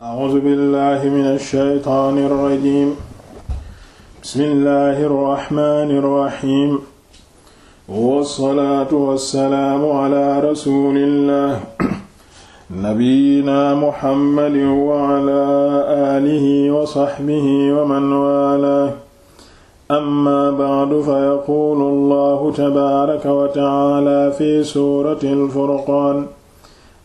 A'uuzu billaahi mina shaytaani rajiim. Bismillaahi rahmaani rahiim. Wa salaatu wa salaamu alaa rasuulillaah nabiyyinaa Muhammadin wa alaa aalihi wa sahbihi wa man waalaah. Ammaa ba'du fa yaquulu Allaahu tabaaraka wa ta'aalaa fi suuratil Furqaan.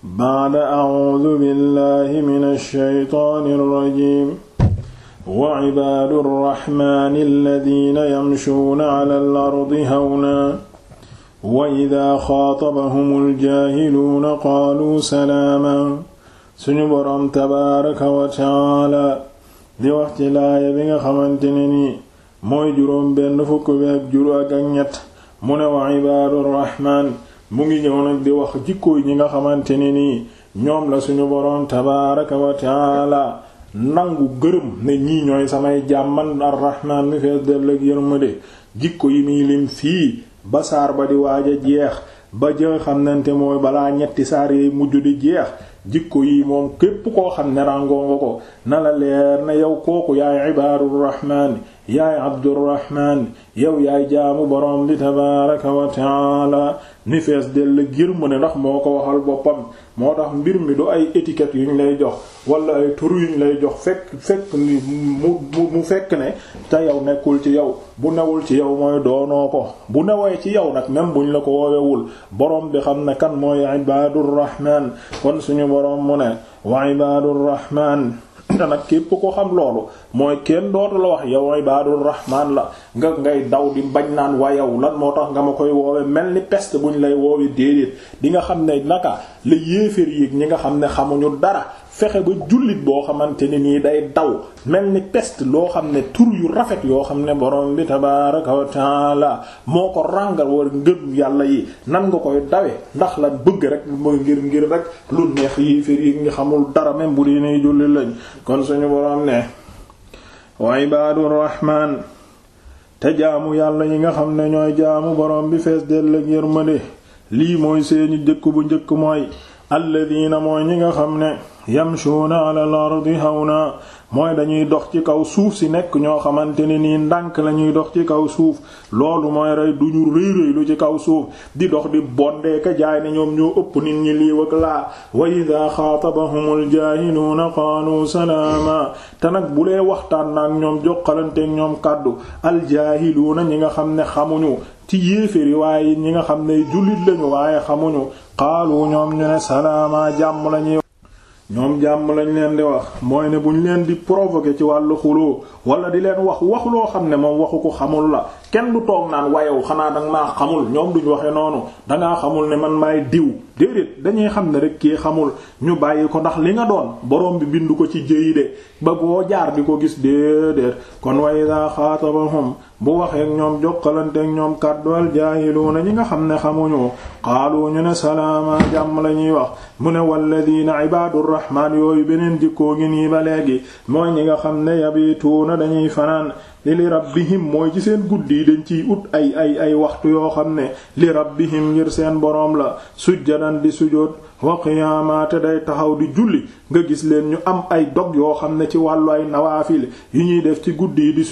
baada acuudu billahi min alsheytaani alrajim wa cibaadu arraxmaani alladina yamshuuna cala alardi hawna wa ida xaatabahum aljahiluuna qaaluu salaama suñu boroom tabaaraka wa tacaala di wax ci laaya bi nga xamante ne ni mooy juróom benn fukk ak jur ak ñett mu ne wa cibaadu arraxmaan mu ngi ñëw nag di wax jikkooy ñi nga xamante ni nii ñoom la suñu boroom tabaaraka wa taala nangu gërëm ne ñii ñooy samay jàmman arrahmaan mi fees del ak yërmande jikko yi muy lim fii ba saar ba di waaj jeex ba jë xamante mooy balaa ñetti saar yi mujj di jeex jikko yi moom képp koo xam ne ràngoo nga ko na la leer na yow kooku yaay ibaadurrahmaan yaay abdurrahman yow yaay jaamu borom bi tabaraka wa taala ni fees dell gir mu ne ndax moo ko waxal boppam moo tax mbir mi du ay étiquette yuñ lay jox wala ay tur yuñ lay jox fekk fekk ni mu mu fekk ne te yow nekkul ci yow bu newul ci yow mooy doonoo ko bu newee ci yow nag même buñ la ko woowewul borom bi xam ne kan mooy ibaadurrahman kon suñu borom mu ne wa ibaadurrahman te nag képp ko xam loolu mooy kenn dootu la wax yow ibaadul rahmaan la nga ngay daw di bañ naan waa yow lan moo tax nga ma koy woowee mel ni bu ñu lay woowe déedéet di nga xam ne naka la yéeféer yi ñi nga xam ne xamuñu dara fexe ba jullit boo xamante ne nii day daw mel ni pest loo xam ne tur yu rafet yoo xam ne borom bi tabaaraka wa moo ko ràngal war ngëm yàlla yi nan nga koy dawe ndax la bëgg rek mooy ngir ngir rek lu neex yi fir yi nga xamul dara même bu dee ne jullit kon suñu borom ne wa ibaadu rahmaan te jaamu yàlla yi nga xam ne ñooy jaamu borom bi fees dell ak yërmande lii mooy seeni jëkk bu njëkk mooy alladina mooy ñi nga xam ne yamshuuna ala al-ardi hawna mooy dañuy dox ci kaw suuf si nekk ñoo xamante ne nii ndànk lañuy dox ci kaw suuf loolu mooy rey du ñu rëy rëy ci kaw suuf di dox di bondee ka jaay ne ñoom ñoo ëpp nit ñi lii wak laa wa ida xaatabahumul jaahiluuna qaalu salaama te nag bu lee waxtaan naak ñoom joxalanteek ñoom kàddu aljaahiluuna ñi nga xam ne xamuñu ci yéeféri waaye ñi nga xam ne jullit lañu waaye xamuñu xaalu ñoom ñu ne salaama jàmm lañuy ñoom jàmm lañ leen di wax mooy ne bu ñu leen di provoquer ci wàllu xuloo wala di leen wax wax loo xam ne moom waxu ko xamul la kenn du toog naan wayew xanaa danga maa xamul ñoom duñ waxe noonu dangaa xamul ne man maay diw déedéet dañuy xam ne rek kii xamul ñu bàyyi ko ndax li nga doon borom bi bindu ko ci jëyi de ba jaar bi ko gis déedéet kon wa iza bu waxeek ñoom jokkalanteek ñoom kàdduwal na ñi nga xam ne xamuñu qaalu ñu ne salaama jàmm la ñuy wax mu ne walladina ibaadurrahmaan yooyu beneen jikkoo ngi nii ba léegi mooy ñi nga xam ne na dañuy fanaan li rabbihim mooy ci seen guddi dañ ciy ut ay ay ay waxtu yoo xam ne li rabbihim ngir seen boroom la sujjada yanan di sujóot wa qiyaama day taxaw di julli nga gis leen ñu am ay dog yoo xam ne ci wàllu ay nawaafil yi ñuy def ci guddi yi di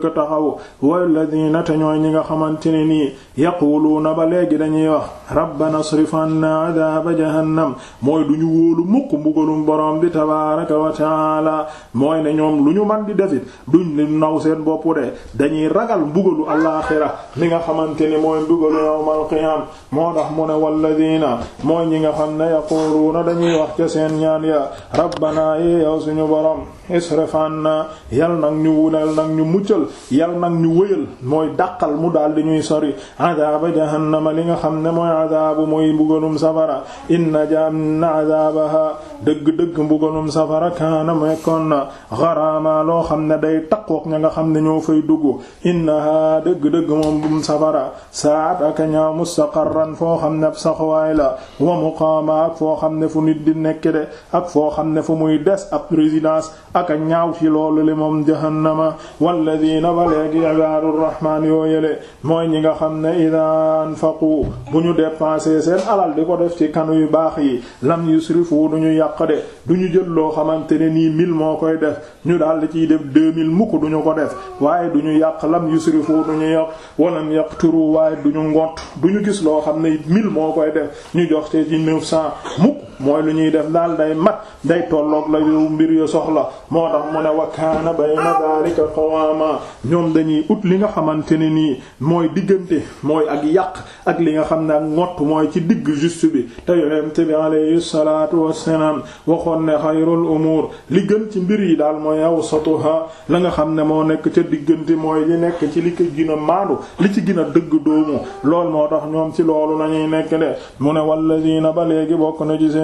taxaw walladina te ñooy ñi nga xamante ne nii yaquluuna ba léegi dañuy wax rabbana srif anna adaaba jahannam mooy du ñu wóolu mukk mbugalum borom bi tabaaraka wa taala mooy ne ñoom lu ñu man di defit duñ leen naw seen bopp de dañuy ragal mbugalu alaaxira li nga xamante ni mooy mbugalu yawmal qiyaam moo tax mu ne walladina mooy ñi nga xam ne yaquluuna dañuy wax ca seen ñaan ya rabbanaa yi yow suñu borom israf anna yal nag ñu wunal nag ñu muccal yal nag ñu wëyal mooy dàqal mu daal di ñuy sori adaaba jahannama li nga xam ne mooy adaabu mooy mbugalum safara inna jaanna adaabaha dëgg-dëgg mbugalum safara kaana mekkoon na garaama loo xam ne day taqook ña nga xam ne ñoo fay dugg innaha dëgg-dëgg moom safara saat ak ñaa mustaqarran foo xam ne ab saxwaay la wa muqaama ak foo xam ne fu nit di nekk de ak foo xam ne fu muy des ab résidence aka ñaaw ci loolu li moom jahannama walladina ba léegi ibaadurrahmaan yoo yële mooy ñi nga xam ne idaa anfaqu bu ñu dépensé seen alal di ko def ci kanu yu baax yi lam yusrifu du ñu yàq de du ñu jël loo xamante ne ni mille moo koy def ñu daal di ciy def deux mille mukk du ñu ko def waaye du ñu yàq lam yusrifu du ñu yàq walam yaqturu waaye du ñu ngott du ñu gis loo xam ne mille moo koy def ñu jox ci neuf cent mukk mooy lu ñuy def daal day mat day tolloog la yu mbir yu soxla moo tax mu ne wa kaana bayna daalika qawaama ñoom dañuy ut li nga xamante ne nii mooy diggante mooy ak yàq ak li nga xam ne ak ngott mooy ci digg juste bi te yonent bi alayhi salaatu wassalaam waxoon ne xayrul umuur li gën ci mbir yi daal mooy awsatuha la nga xam ne moo nekk ca diggante mooy li nekk ci li ko gën maandu li ci gën a dëgg doomu lool moo tax ñoom ci loolu lañuy nekk de mu ne walladiina ba léegi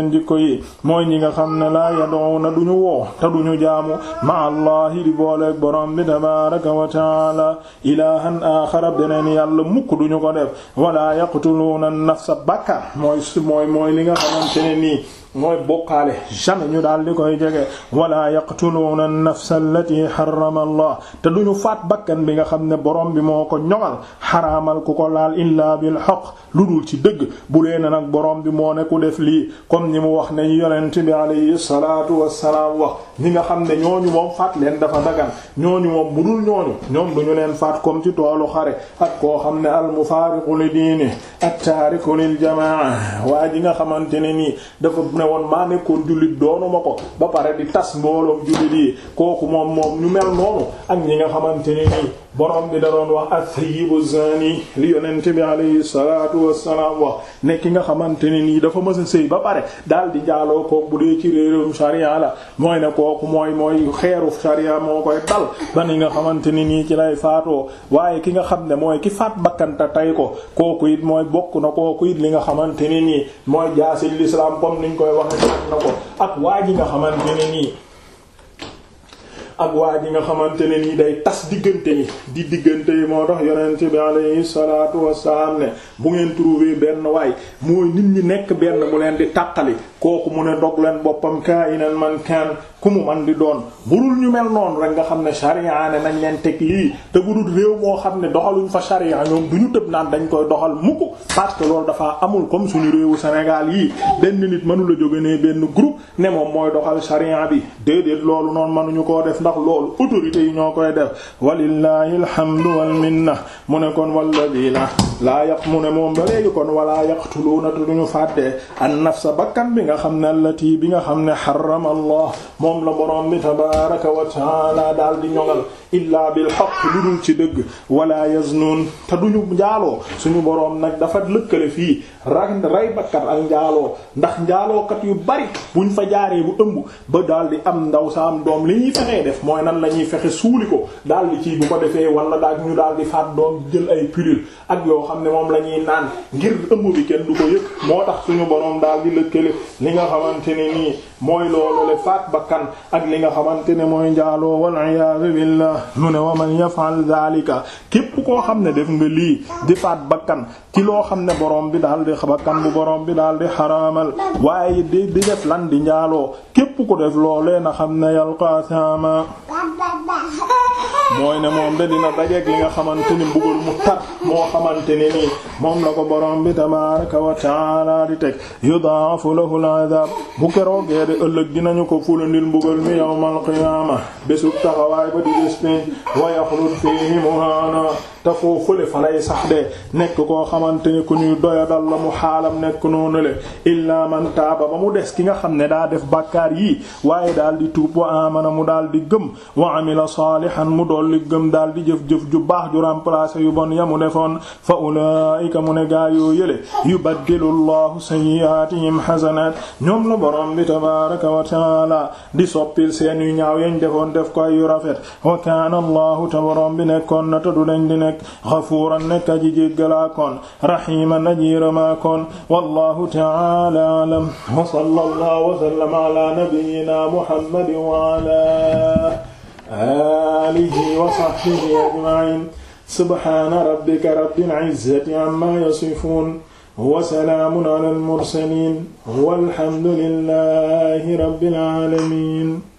seen jikko yi mooy ñi nga xam ne laa yad'una na ñu woo te du ñu jaamu ma allahi di booleeg borom bi tabaraka wa taala ilahan axara beneen yàlla mukk du ko def wala yaqtuluuna nafsa bakka mooy mooy mooy li nga xamante mooy bokkaale jamais ñu daal di koy jege wala yaqtuluuna an-nafsa allati harrama allah te du ñu faat bakkan bi nga xam ne borom bi moo ko ñoŋal xaraamal ku ko laal illaa bil haqq lu dul ci dëgg bu lee na nag borom bi moo ne ku def lii comme ni mu wax ne yonent bi alayhi salaatu wassalaam wax ñi nga xam ne ñooñu moom faat leen dafa dagan ñooñu moom bu dul ñooñu ñoom du ñu leen faat comme ci toolu xare ak koo xam ne al mufaariqu li diini at taariku lil jamaa waa ji nga xamante nii dafa ne maa ne nekkoon jullit doonuma ko ba pare di tas mbooloom jullit yi kooku moom moom ñu mel noonu ak ñi nga xamante ne nii borom bi da doon wax as-sayyibu zani li yonent bi alayhi salaatu wassalaam wax ne ki nga xamante ne nii dafa mës a ba pare daal di jaaloo koog bu dee ci réerum sharia la mooy ne kooku mooy mooy xeeru sharia moo koy dal ba nga xamante ne nii ci lay faatoo waaye ki nga xam ne mooy ki faat bakkanta tay ko kooku it mooy bokk na kooku it li nga xamante ne nii mooy jaasil l'islam comme niñ koy waxe faat na ko ak waa nga xamante nii ak waa ji nga xamante ne nii day tas diggante yi di diggante yi moo tax yonent bi alayhi salaatu wassalaam ne bu ngeen trouver benn waay mooy nit ñi nekk benn mu leen di tàqali kooku mu ne dog leen boppam kaa inan man kaan ku mu man di doon burul ñu mel noonu rek nga xam ne sharia ne nañ leen teg lii te budul réew moo xam ne doxaluñ fa sharia ñoom du ñu tëb naan dañ koy doxal mukk parce que loolu dafa amul comme suñu réewu Sénégal yi benn nit mënula jóge ne benn group ne moom mooy doxal sharia bi déedéet loolu noonu mënuñu koo def ndax loolu autorité yi ñoo koy def walillahi alhamdu wal minna mu ne kon walladina laa yaq mu ne moom ba léegi kon walaa yaqtuluuna nga xam ne allati bi nga xam ne xarama allah moom la boroom bi tabaraka wa taala daal di ñogal illaa bil haqq lu dul ci dëgg wala yaznuun te duñu njaaloo suñu boroom nag dafa lëkkale fii rak rey bakkat ak njaaloo ndax njaalookat yu bari buñ fa jaaree bu ëmb ba daal di am ndaw sa am doom li ñuy fexee def mooy nan la ñuy fexe suuli ko daal di ci bu ko defee wala daal ñu daal di faat doom jël ay pilule ak yoo xam ne moom lañuy ñuy naan ngir ëmb bi kenn du ko yëg moo tax suñu boroom daal di lëkkale li nga xamante ne nii mooy loolu faat bakkan ak li nga xamante ne mooy njaaloo mu ne wa man yaf'al zalika képp koo xam ne def nga lii di faat bakkan ci loo xam ne borom bi daal di bakkan bu borom bi daal di xaraamal waaye di di def lan di njaaloo képp ko def loolee na xam ne yalqa sama mooy ne moom da dina dajeek gi nga xamante ni mbugal mu tat moo xamante nii moom la ko borom bi tabaaraka wa taala di teg yudaafu lahu al-azaab bu keroogee de ëllëg dinañu ko fulandil mbugal mi yawmal qiyaama bésub taxawaay ba di des wa yaxlud fiihi muhaana te foo fële fa lay sax de nekk koo xamante ni ku ñuy doyadal la mu xaalam nekk noonu le illaa man taaba ba mu des ki nga xam ne daa def bàkkaar yii waaye daal di tuub wa amana mu daal di gëm wa amila saalihan mu dolli gëm daal di jëf-jëf ju baax ju remplacer yu bon ya mu defoon fa ulaa'ika mu ne gaa yoo yële yubaddilu llahu sayyi'aatihim hasanat ñoom la borom bi tabaaraka wa ta'aala di soppil seen yu ñaaw yañ defoon def ko ay yu rafet wa kaana allahu ta borom bi nekkoon na te du nekk xafuuran nekk aji jéggalaa koon rahiman aji yërëmaa koon wallahu ta'ala a'lam wa sallallahu wa sallama ala nabiyyina muhammadin wa ala alihi wa sahbihi ajma'in subhana rabbika rabbil izzati amma yasifun wa salaamun ala al mursalin walhamdulillahi rabbil alamin